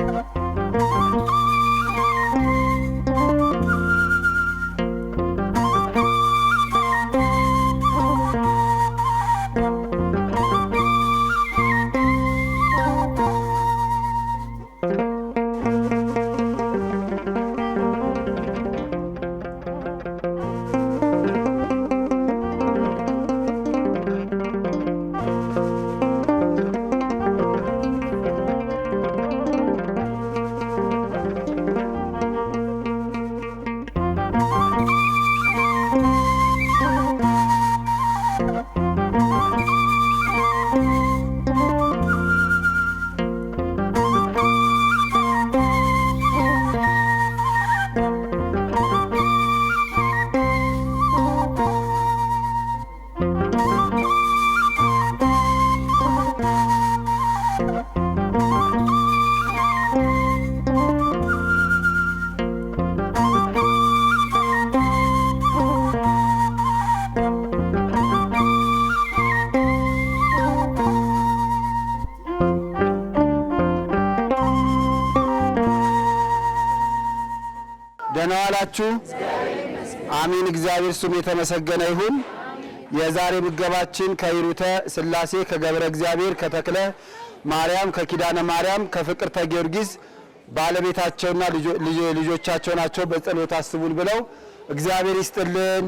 you. ደህና ዋላችሁ። አሚን። እግዚአብሔር ስሙ የተመሰገነ ይሁን። የዛሬ ምገባችን ከይሩተ ስላሴ ከገብረ እግዚአብሔር ከተክለ ማርያም ከኪዳነ ማርያም ከፍቅርተ ጊዮርጊስ ባለቤታቸውና ልጆቻቸው ናቸው። በጸሎት አስቡን ብለው እግዚአብሔር ይስጥልን።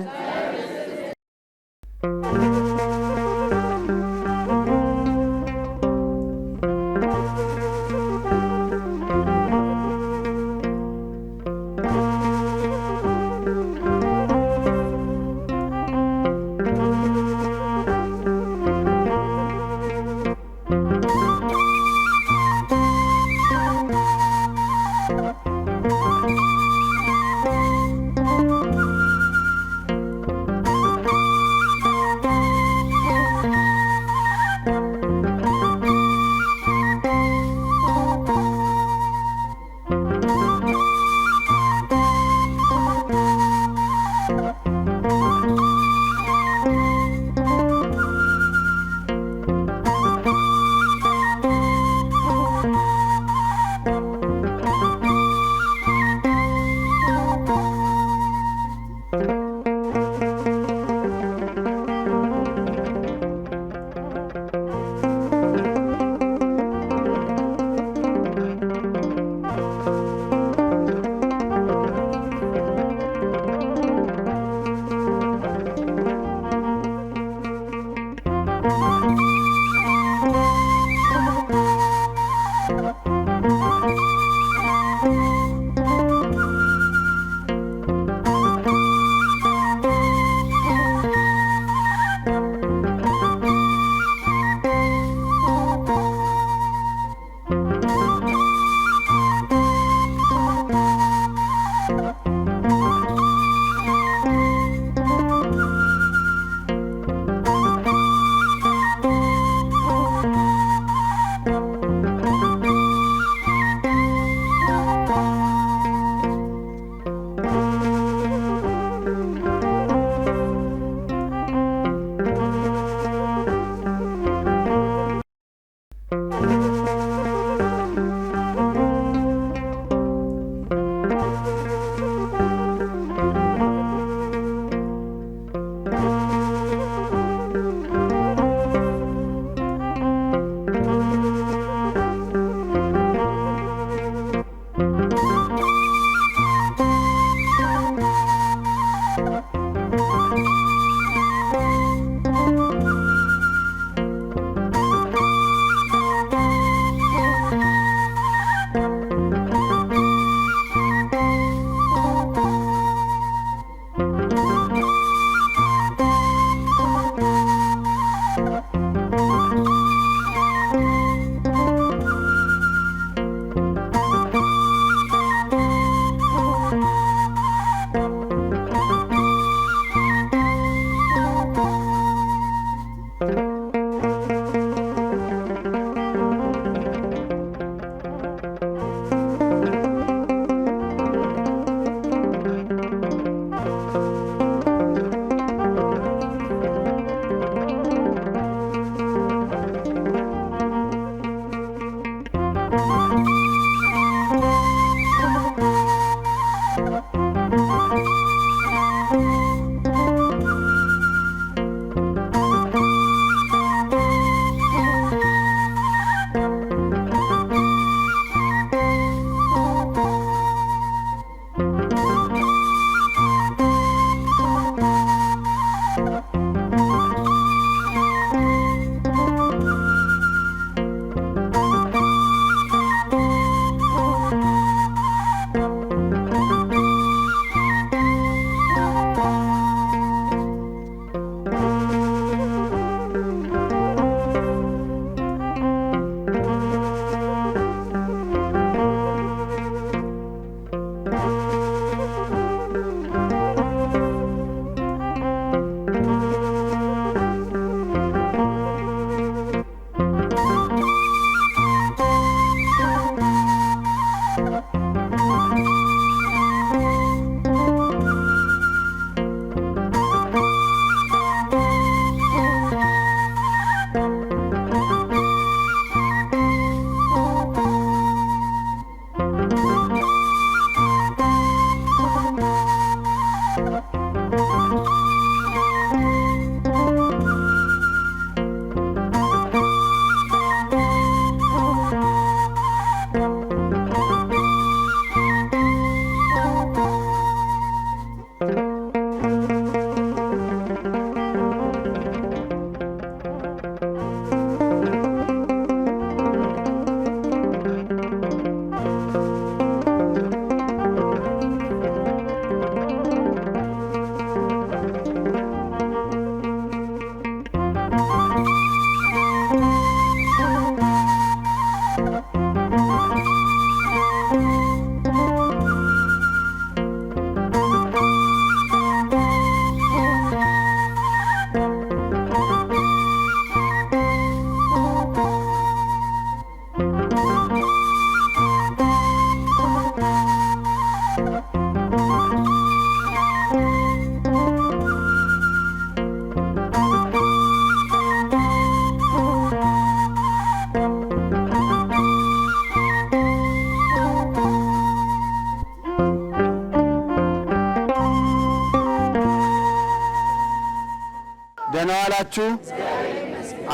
ደህና ዋላችሁ።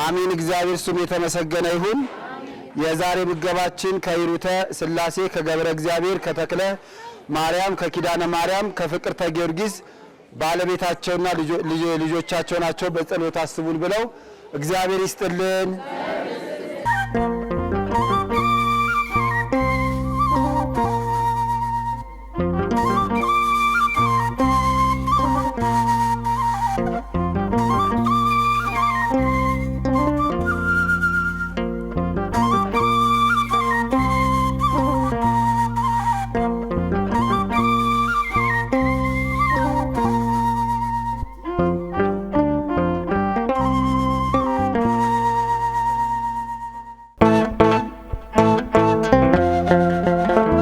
አሚን። እግዚአብሔር ስም የተመሰገነ ይሁን። የዛሬ ምገባችን ከይሩተ ስላሴ ከገብረ እግዚአብሔር ከተክለ ማርያም ከኪዳነ ማርያም ከፍቅርተ ጊዮርጊስ ባለቤታቸውና ልጆቻቸው ናቸው። በጸሎት አስቡን ብለው እግዚአብሔር ይስጥልን።